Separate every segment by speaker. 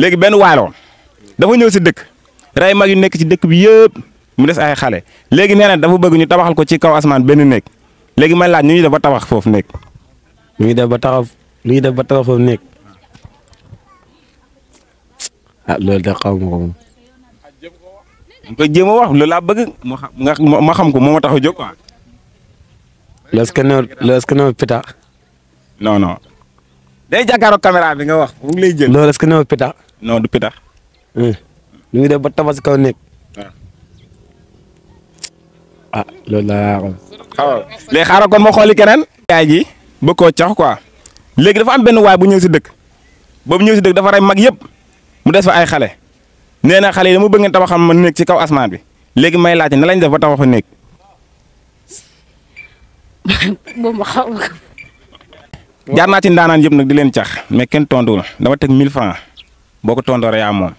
Speaker 1: léegi benn waalo dafa ñëw si dëkk rey mag yu nekk ci dëkk bi yëpp mu des ay xale léegi nee na dafa bëgg ñu tabaxal ko ci kaw asmaan benn néeg léegi ma laaj ñu ñuy def ba tabax foofu nekk. mu ngi def ba taxaw ñu ngi def ba taxaw foofu nekk ah loolu de xaw ma ko moom. mu koy jéem a wax loolu laa bëgg ma xam ko moo tax a jóg quoi. loolu est-ce que ne loolu est-ce que ne pitax. non bi nga wax mu ngi lay jël. loolu est-ce que ne pitax. non du pitax. lu muy def ba tabax si kaw nekk. ah loolu laa xam. xaaral kon ma xooli keneen. yaay ji bëgg koo cax quoi. léegi dafa am benn waay bu ñëw si dëkk. boobu ñëw si dëkk dafa rey mag yëpp. mu des fa ay xale. nee na xale yi dama bëgg ngeen tabaxam ma nekk ci kaw asmaan bi. léegi may laajte na lañ def ba tabax fa nekk. moom jaar naa ci ndaanaan yëpp nag di leen cax mais kenn tontuwul dama teg 1000 francs boko ko ya mom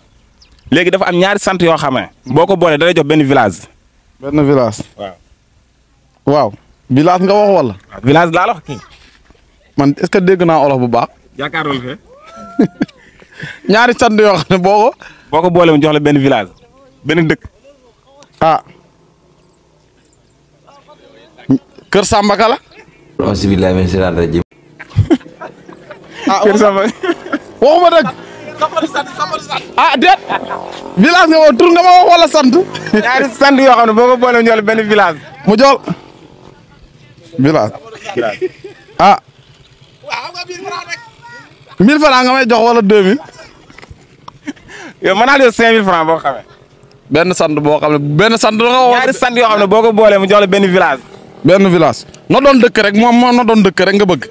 Speaker 1: moom dafa am ñaari sante yo xamé boko boo da lay jox ben village. ben village. waaw. waaw village nga wax wala. village la la wax ki man est-ce que dégg na olof bu baax. yakarol fe ñaari sante yo xamné boko boko bolé mu jox la ben village ben dëkk. ah. Kër Samba Kala. auzu billaahi mina shaytaani rajiim. ah Kër Samba. waxuma dëgg ah déet village nga ma tur nga ma wax wala sant. ñaari sant yoo xam ne boo ko boolee ñool village. mu village. ah. mille francs nga may jox wala deux mille. yow mën naa leen cinq mille francs boo xamee. benn sant boo xam ne benn sant la nga wax. ñaari sant yoo xam ne boo mu jox la village. village rek rek nga bëgg.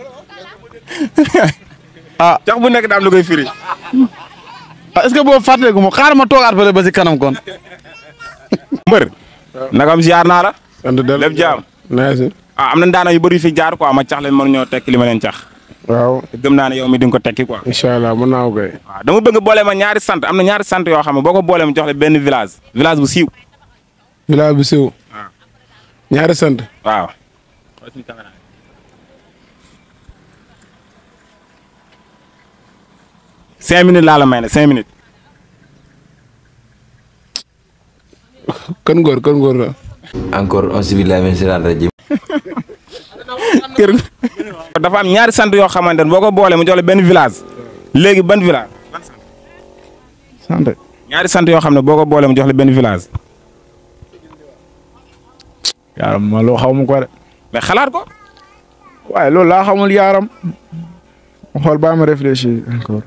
Speaker 1: ah jox bu nekk daam lu koy firi. ah est-ce que boobu fàtteeku ma ma toogaat ba ba si kanam kon. mbër. waaw nagam ziar naa la. sant delloo lépp jaam. ah am na daana yu bëri yu fi jaar quoi ma cax leen mën ñoo tekki li ma leen waaw gëm naa ne yow mi di nga ko tekki quoi. incha allah mën naa kay. waaw bëgg boole ma ñaari sant am na ñaari sant yoo xam ne boo ko boole ma jox la benn village. village bu siiw. village bu siiw. Ah. ñaari sant. waaw. 5 minutes la la may 5 minutes. kan ngor kan ngor la. encore on même c'est la kër dafa am ñaari sant yo xamantene boko bolé mu jollé ben village. légui ben village. sant ñaari sant yoo xam ne boo ko boolee mu jox ben village. yaram ma lo xawmu ko de. mais xalaat ko. waaye lo la xamul yaram xool ba ma réfléchir encore.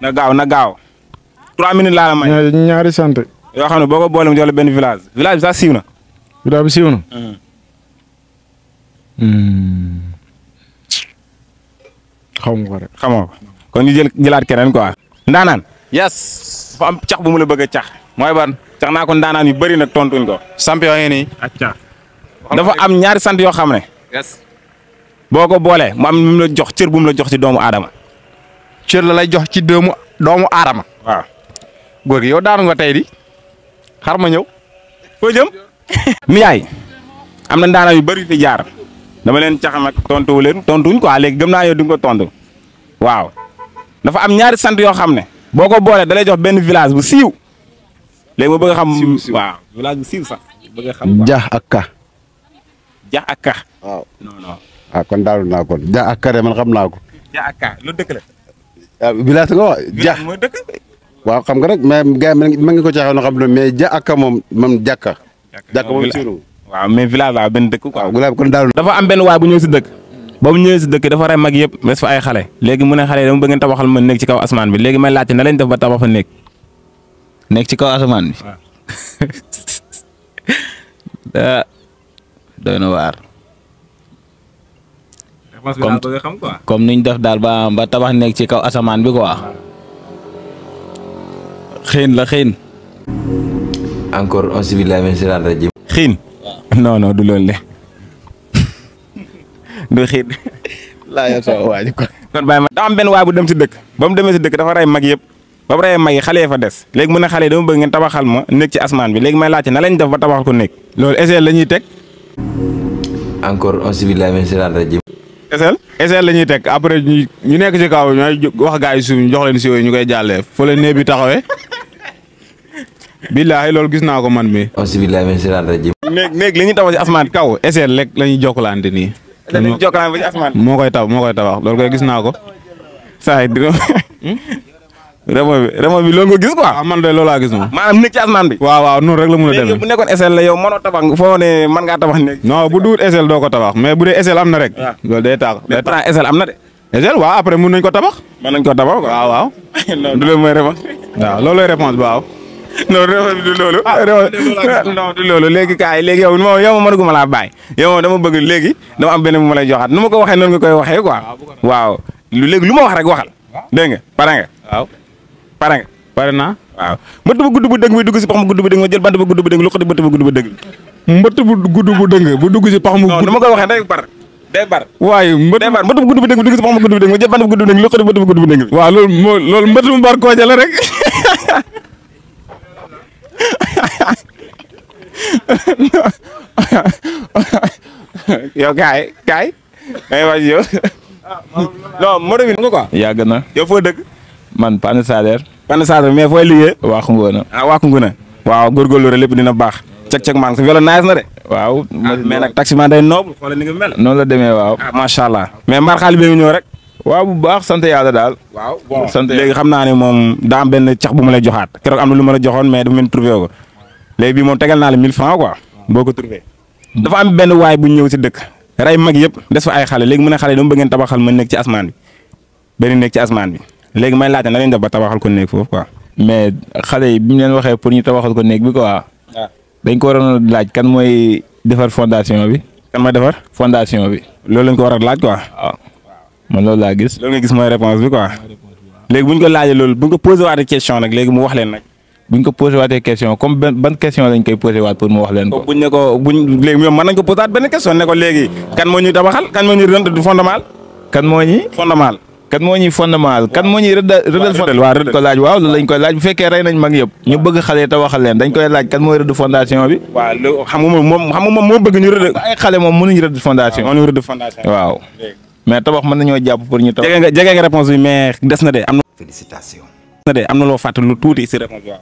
Speaker 1: na gaaw na gaaw. trois minutes laa la may. ñaari sant. yoo xam ne boo ko boole mu jox benn village. village bi sax siiw na. village bi siiw na. Mm. Hmm. xamu ko rek xamoo kon ñu jël jëlaat keneen quoi. ndaanaan. yes. dafa cax bu mu la bëgg a cax. mooy ban cax naa ko ndaanaan yu bari nag tontuñ ko. samp yoo ngi nii. dafa am ñaari sant yoo xam ne. boo ko boolee mu am mu jox cër bu mu la jox ci doomu aadama. cër la lay jox ci doomu doomu aadama. waaw góor gi yow daanu nga tey di xar ma ñëw. foo jëm. miyaay am na ndaana yu bari di jaar dama leen caxam ak tontu leen tontuñ quoi léegi gëm naa yow di nga ko tontu waaw dafa am ñaari sant yoo xam ne. boo ko boolee da lay jox benn village bu siiw. léegi ma bëgg xam waaw village bu a xam jax ak ka. ah kon daanu naa kon ja ak Kare xam naa ko. Dia ak Kare ah, xam nga rek mais gars yi ma ngi ko caaxaan xam ne mais Dia ak moom moom jàkka. jàkka moom mais village a benn dëkk quoi. waaw ah, kon daanu. dafa am benn waay bu ñëw si dëkk. ba mu ñëwee si dëkk dafa rey mag yëpp des fa ay xale. léegi mu ne xale yi dama bëgg ngeen tabaxal ma nekk ci kaw asamaan bi léegi may laajte na leen def ba tabax fa nekk. nekk ci kaw asamaan bi. doy na waar. comme niñ def daal ba ba tabax nekk ci kaw asamaan bi quoi. xiin la xiin. encore auzu billaahi mina xiin. non du loolu de du xiin. laa yor sama waa kon. kon bàyyi ma benn waay bu dem si dëkk ba mu demee si dëkk dafa rey mag yëpp ba mu reyee mag yi xale yi fa des léegi mu ne xale yi dama bëgg ngeen tabaxal ma nekk ci asmaan bi léegi may laajte na lañ def ba tabaxal ko nekk loolu essai la ñuy teg. encore auzu billaahi mina shaytaani rajiim. eseel eseel la ñuy teg après ñu nekk ci kaw ñooy wax gaa yi suuf ñu jox leen si yooyu ñu koy jàllee fële néeg bi taxawee. billaahi loolu gis naa ko man mi asbillahi min shaytan rajim néeg néeg li ñuy tabax ci asmaan kaw eseel rek la ñuy jokkalante nii. moo koy taw moo koy tabax loolu koy gis naa ko. saa yi hmm? remo bi remo loolu nga gis quoi. waaw ah, man de a gis moom. maanaam nekk ci asmaan bi. waaw waaw noonu rek la mun a demee léegi bu tabax foo ne mën tabax nekk. non bu duut SL doo ko tabax mais bu dee am na rek. Ah. loolu day tax. day tax SL am na de. SL waaw après mun nañ ko tabax. mën nañ ko tabax waaw waaw. du loolu mooy réponse. waaw loolooy réponse bi waaw. non réew mi du loolu. Ah, non léegi kaay léegi yow moom yow ma mënagu ma laa bàyyi. yow moom dama bëgg léegi da am benn bu ma lay joxaat nu ma ko waxee noonu nga koy waxee quoi. waaw lu léegi lu ma wax rek waxal. dégg nga pare nga waaw. pare pare na waaw mbëtt bu gudd bu dëng bi dugg si pax mu gudd bu dëng ma jël bant bu gudd bu dëng lu ko di mbëtt bu gudd bu dëng mbëtt bu gudd bu dëng bu dugg si pax mu gudd dama koy waxee day bar day bar waaye mbëtt bar bu gudd bu dëng dugg si pax mu gudd bu dëng ma jël bant bu gudd bu dëng lu ko di mbëtt bu gudd bu dëng waaw loolu moo loolu mu bar rek yow gaay gaay ay waaj non mo demin nga quoi yàgg na man Pane Sader benn saa mais fooy liggéey. waa Koungheul ah waa Koungheul waaw góorgóorlu rek lépp dina baax. cek cek man sa vélo nice na de. waaw ah, mais nag taxi man day noob xoolal ni nga la demee waaw. ah macha allah. mais mbaar xaalis bi nga ñëw rek. waaw bu baax sant yàlla daal. waaw bon sant léegi xam naa ne moom daa benn cax bu ma lay joxaat keroog am na lu ma la joxoon mais dafa mel trouvé ko léegi bii moom tegal naa la 1000 francs quoi boo ko trouvé. dafa am benn waay bu ñëw si dëkk rey mag yëpp des fa ay xale léegi mu ne xale dama bëggeen tabaxal ma nekk ci asmaan bi benn nekk ci asmaan léegi may laajte na leen def ba tabaxal ko néeg foofu quoi. mais xale yi bi mu leen waxee pour ñu tabaxal ko néeg bi quoi. Ah. dañ ko waroon laaj kan mooy defar fondation bi. kan mooy defar. fondation bi. loolu lañ ko war a laaj quoi. waaw ah. man loolu laa gis. loolu nga gis mooy leen nag. bu ñu ko posé waatee question comme ban question lañ koy posé waat pour ko. buñ ne ko buñ léegi ñoom mën nañ ko posé benn question ne léegi. kan moo ñuy tabaxal kan moo ñuy rënd kan moo ñuy fondement kan moo ñuy rëddal waa fondement ko laaj waaw loolu lañ koy laaj bu fekkee rey nañ mag yëpp ñu bëgg xale te waxal leen dañ koy laaj kan mooy rëdd fondation bi waaw lo xam nga moom xam moom moo bëgg ñu rëdd xale moom mënuñ rëdd fondation mënuñ rëdd fondation waaw mais tabax mën nañoo jàpp pour ñu tabax jege nga réponse bi mais des na de am na félicitation na de am na loo fàttali lu tuuti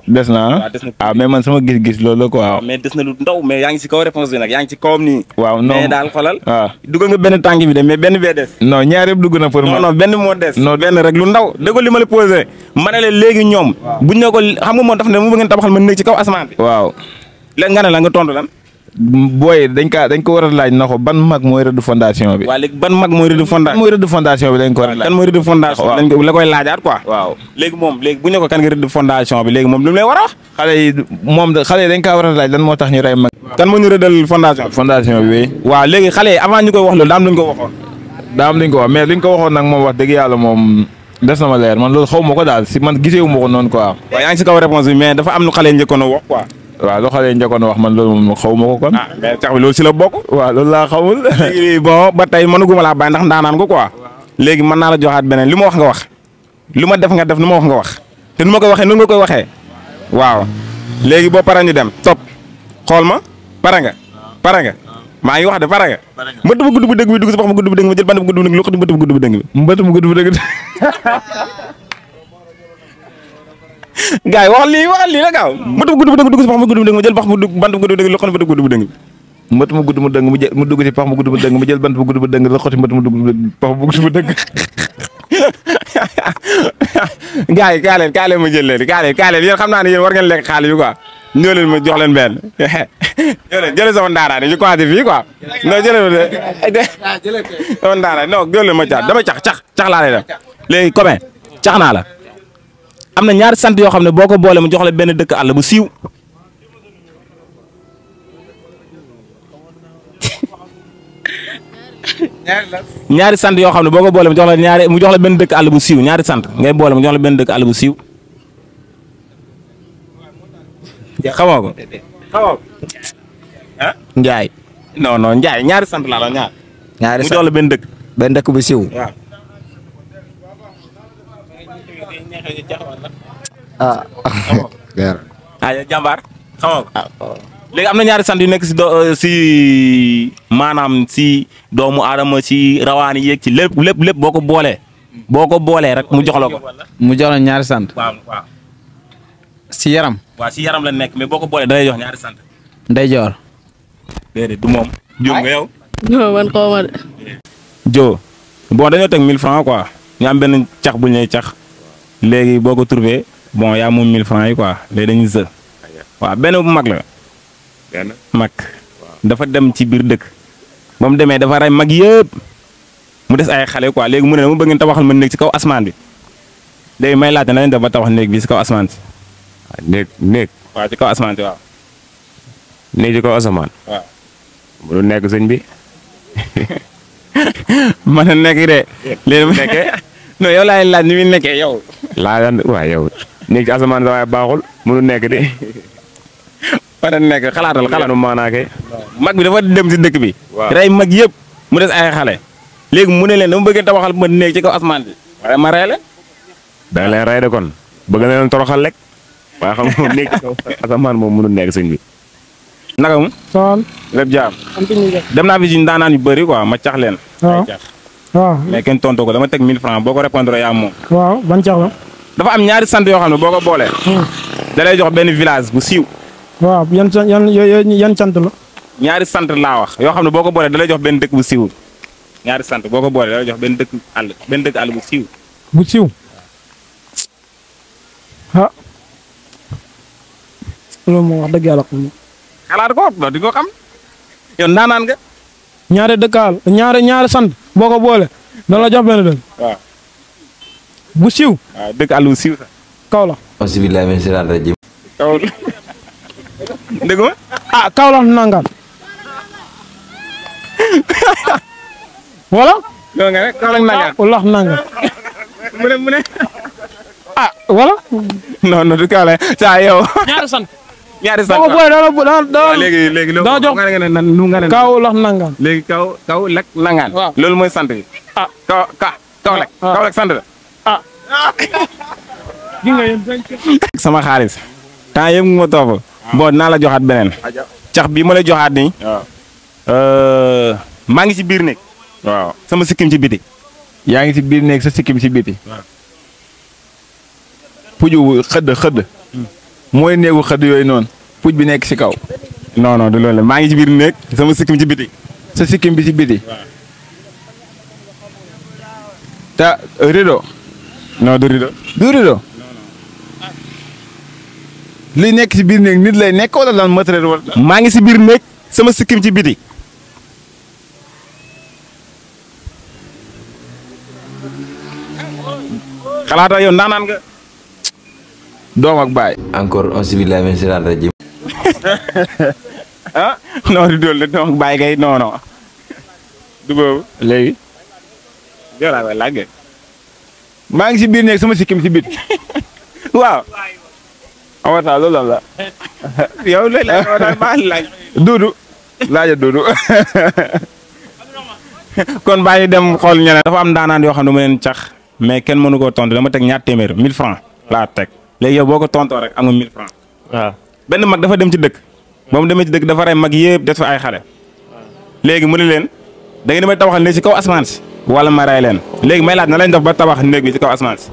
Speaker 1: des na ah? ah mais man sama gis-gis loolu la quoi. mais des na lu ndaw mais yaa ngi kaw réponse bi nag yaa ngi si kawam waaw non daal xoolal. waaw ah. dugg benn tànk bi de mais benn bee des. non ñaar yëpp dugg na pour. non non benn moo des. non benn rek lu ndaw dëgg li ma la posé. ma léegi ñoom. buñ ne ko xam nga daf ne mu bëgg ngeen tabaxal ma nekk ci kaw asmaan bi. waaw léegi nga la nga tontu lan. booy dañ kaa dañ a laaj na ko ban mag mooy rëdd fondation bi. waaw léegi ban mag mooy rëdd fondation mooy bi dañ la koy laajaat quoi. waaw léegi moom léegi bu ñu ko kan nga rëdd fondation bi léegi moom lu mu lay war xale yi dañ kaa war laaj lan moo tax ñu rey mag. kan moo ñu rëddal fondation bi. fondation bi waaw léegi xale yi avant ñu koy wax loolu daam luñ ko waxoon. daam luñ ko wax mais liñ ko waxoon nag moom wax dëgg yàlla moom. des na ma leer man loolu xaw ma ko daal si man gisee wu ma ko noonu quoi. waaw yaa ngi si kaw réponse bi xale njëkkoon a wax wa lo xale njëkkoon wax man lo moom ko kon. ah mais tax bi loolu la bok wa lo la xamul. bo bon ba tey mënuguma la bay ndax ndaanaan ko quoi. legi man na la joxat benen li wax nga wax. luma def nga def nu wax nga wax. te nu ko waxe waxee nu nga koy waxee. waaw legi bo paree ñu dem top xol ma para nga. para nga ma ngi wax de para nga. mbët bu gudd bu dëng bi dugg si ma gudd bu dëng ma jël bandu bu gudd bu dëng lu ko mbët bu gudd bu dëng bi. mbët bu gudd gars yi wax lii wax lii la gaaw mbëtt mu gudd mu dëng dugg si pax mu gudd mu dëng ma jël pax mu dugg bant mu gudd mu dëng la xotti mbëtt mu gudd mu dëng mbëtt mu gudd mu dëng mu dugg si pax mu gudd mu dëng ma jël bant mu gudd mu dëng la xotti mbëtt mu dugg pax mu gudd mu dëng gars yi kaa leen kaa leen ma jël leen kaa leen kaa leen yéen xam naa ne yéen war ngeen lekk xaalis yu quoi ñoo leen ma jox leen benn ñoo leen jëlee sama ndaaraane ñu commencé fii quoi non jëlee ma sama ndaaraane non jëlee ma cax dama cax cax cax laa lay def léegi comme cax naa la am na ñaari sant yoo xam ne boo ko boole mu jox la benn dëkk àll bu siiw ñaari sant yoo xam ne boo boole mu jox mu jox benn dëkk àll bu siiw ñaari ngay boole mu jox la bu siiw xamoo ko Njaay non non Njaay ñaari sant laa la ñaari sant mu jox benn dëkk benn dëkk bu siiw ah, ah ya, jambar, Ayo jambar. ko léegi am na ñaari yu nekk si do eh, si manam si doomu aadama si rawaani yeeg ci lépp lépp lépp boko ko boolee boo rek mu jox mu jox la ñaari si yaram waaw si yaram la nekk mais boo ko boolee dalay jox ñaari sant nday joor déedéet du moom jum nga yow non man xaw ma jo bon dañoo teng 1000 francs quoi ñu am cak. cax lay léegi boo ko trouvé bon yaa moom 1000 francs yi quoi léegi dañuy së waaw benn bu mag la mag dafa dem ci biir dëkk ba demee dafa mag yëpp mu des ay xale quoi léegi mu ne dama bëgg ngeen tabaxal néeg ci kaw asmaan bi léegi may laajte na leen def ba tabax néeg bi ci kaw asmaan si waaw ah, néeg néeg kaw asmaan si néeg ci kaw asamaan waaw mu nekk sëñ bi mën a nekk de léegi nekkee non laay laaj ni muy nekkee yow laa daan waaye yow néeg ci asamaan sa waaye baaxul mënu nekk de war a nekk xalaatal xalaatu maanaake mag bi dafa dem si dëkk bi rey mag yépp mu des ay xale léegi mu ne leen dama bëggee tabaxal ma néeg ci kaw asamaan bi ma rey leen da leen rey de kon bëgg na toroxal rek waaye xam nga ci kaw asamaan moom mënu nekk sëñ bi naka mu jaam dem naa fi si daanaan yu bëri quoi ma cax leen waaw mais kenn tontu ko dama teg 1000 francs boo ko répondre yaa moom. waaw ban cax la. dafa am ñaari sant yoo xam ne boo ko boolee. Hmm. da lay jox benn village bu siiw. waaw yan sant yan yan sant la. ñaari sant laa wax yoo xam ne boo ko boolee da jox benn dëkk bu siw ñaari sant boo ko boole da lay jox benn dëkk àll benn dëkk àll bu siiw. bu siw ah. loolu moo wax dëgg yàlla. xalaat ko di ko xam yow naanaan ñaare dëkkaal ñaari ñaare sant boo ko boole dana la jox benn dëkk. bu siiw. waaw dëkk àll bu siiw sax. Kaolack. bismilaahi min seytaani rajiim. Kaolack. dëgg ma. ah Kaolack nangaan. voilà. loolu nga saa yow. ñaari sànq booy dana dana dana léegi léegi loolu dana jox nga ne nan nu nga santai. kaw lax nangaan léegi kaw kaw lak nangaan waaw loolu mooy ah kaw ka kaw lak kaw lek sant ah gi nga yem sama xaalis temps yëpp nga ma topp ah. bon naa la joxaat beneen cax bii ma la joxaat nii waaw ah. eh, maa ngi ci biir néeg ah. sama sikkim ci biti yaa ngi ci biir néeg sa sikkim ci biti puju xëdd xëdd mooy néegu xëdd yooyu noonu puuj bi nekk ci kaw. non non du loolu maa ngi ci biir néeg sama sikkim ci biti. sa sikkim bi ci biti. te rido. non du rido. du rido. li nekk ci biir néeg nit lay nekk wala lan matériel maa ngi si biir néeg sama sikkim ci biti. xalaata yow ndaanaan nga. doom ak baay. encore on se dit la même ah non du doon la doom ak baay kay non non. du boobu léegi. yow laa koy laajee. maa ngi si biir nekk sama sikkim si biir waaw. amata loolu lan la. yow loolu la maa ngi laaj. Duudu laaja Duudu kon bàyyi dem xool ñeneen dafa am daanaan yoo xam ne mu leen cax mais kenn mënu koo tontu dama teg ñaar téeméer 1000 francs laa teg. léegi yow boo ko tontoo rek am nga 1000 francs waaw benn mag dafa dem ci dëkk. moom mu ci dëkk dafa rey mag yëpp des fa ay xale. léegi mu ne leen da ngeen may tabaxal ci kaw asamaan si wala leen léegi may laaj na lañ def ba tabax néeg bi ci kaw asamaan si.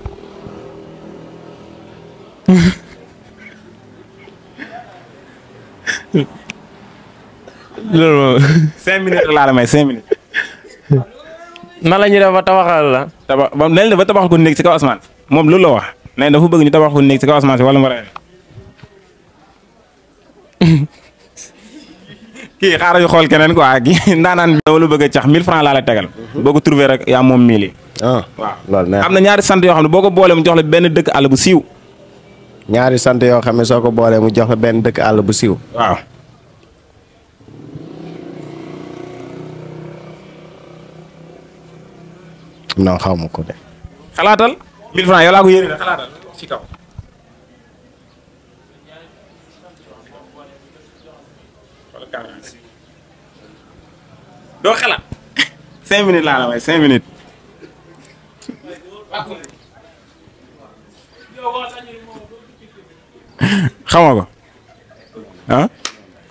Speaker 1: loolu. cinq minutes la may cinq minutes. na la ñuy def ba la. ba léegi ba tabaxal ci kaw asamaan moom loolu la wax. nee dafa bëgg ñu tabax ko néeg si kaw asamaan si wala mu rey kii xaaral ñu xool keneen ko quoi kii ndaanaan bi lu bëgg a cax 1000 francs laa la tegal mhm. boo ko trouvé rek yaa moom mille yi ah, loolu neex am na ñaari sant yoo xam ne boo ko boolee mu jox la benn dëkk àll bu siiw sant yoo xam ne soo ko mu jox benn dëkk àll bu siiw waaw non xaw ma ko xalaatal 1000 francs yow laa ko yéene xalaatal ci kaw. doo xalaat. 5 minutes laa la may 5 minutes. xamoo ko ah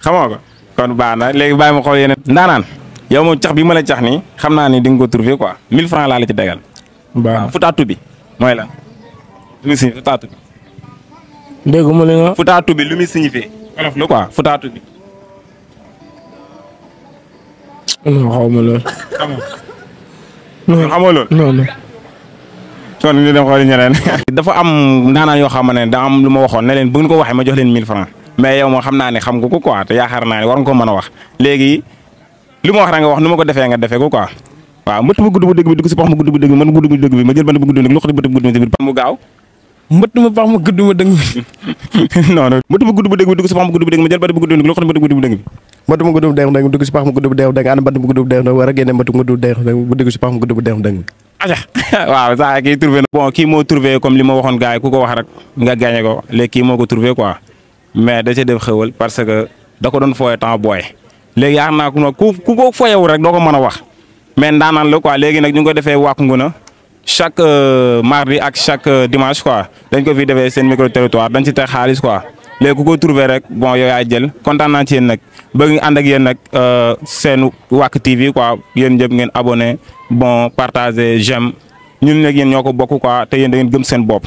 Speaker 1: xamoo ko kon baax na léegi bàyyi mu xool yeneen. ndaanaan yow moom cax bi ma la cax nii xam naa ni di nga ko trouver quoi mille francs laa la ci degal. waaw fu mooy la lu muy signifié Fouta Toubé. dégg mu li nga. Fouta Toubé lu muy signifié. wolof la quoi Fouta Toubé. non xaw ma lool. xamoo lool non non. kon ñu dem xooli ñeneen. dafa am naanaan yoo xam lu ma waxoon ne bu ko waxee ma jox leen 1000 francs mais yow moo xam naa ne xam nga ko quoi te yaakaar naa ne war nga ko mën a wax léegi li ma wax rek nga wax nu ma ko defee nga defee ko quoi. waaw mbëtt mu gudd bu dëgg bi dugg si pax mu gudd bu dëgg bi man gudd bu dëgg bi ma jël bant bu gudd nag loxo mbëtt bu gudd bi pax mu gaaw mbëtt ma pax ma gudd ma dëng bi non non mbëtt ma gudd bu dëgg bi dugg si pax ma gudd bu dëgg ma jël bant bu gudd nag loxo mbëtt bu gudd bi dëng bi mbëtt ma gudd bu dëng dëng dugg si pax ma gudd bu dëng dëng ana bant bu gudd bu dëng dëng war a génne mbëtt mu gudd bu dëng bu dugg si pax ma gudd bu dëng dëng aja waaw saa kii trouvé na bon kii moo trouvé comme li ma waxoon ku ko wax rek nga gagné ko léegi kii moo ko quoi mais da ca def xëwal parce que da ko doon fooye temps booy léegi yaakaar naa ku ko fooyewu rek doo ko mën wax mais ndaanaan la quoi léegi nag ñu ngi ko defee Wack Ngouna chaque euh, mardi ak chaque euh, dimanche quoi dañ ko fi defee seen micro territoire dañ ci teg xaalis quoi léegi ku ko trouvé rek bon yow jël kontaan ci yéen nag bëgg ànd ak yéen nag euh, seen Wack TV quoi yéen ñëpp ngeen abonné bon partagé j'aime ñun nag yéen ñoo ko bokk quoi te yéen da ngeen gëm seen bopp.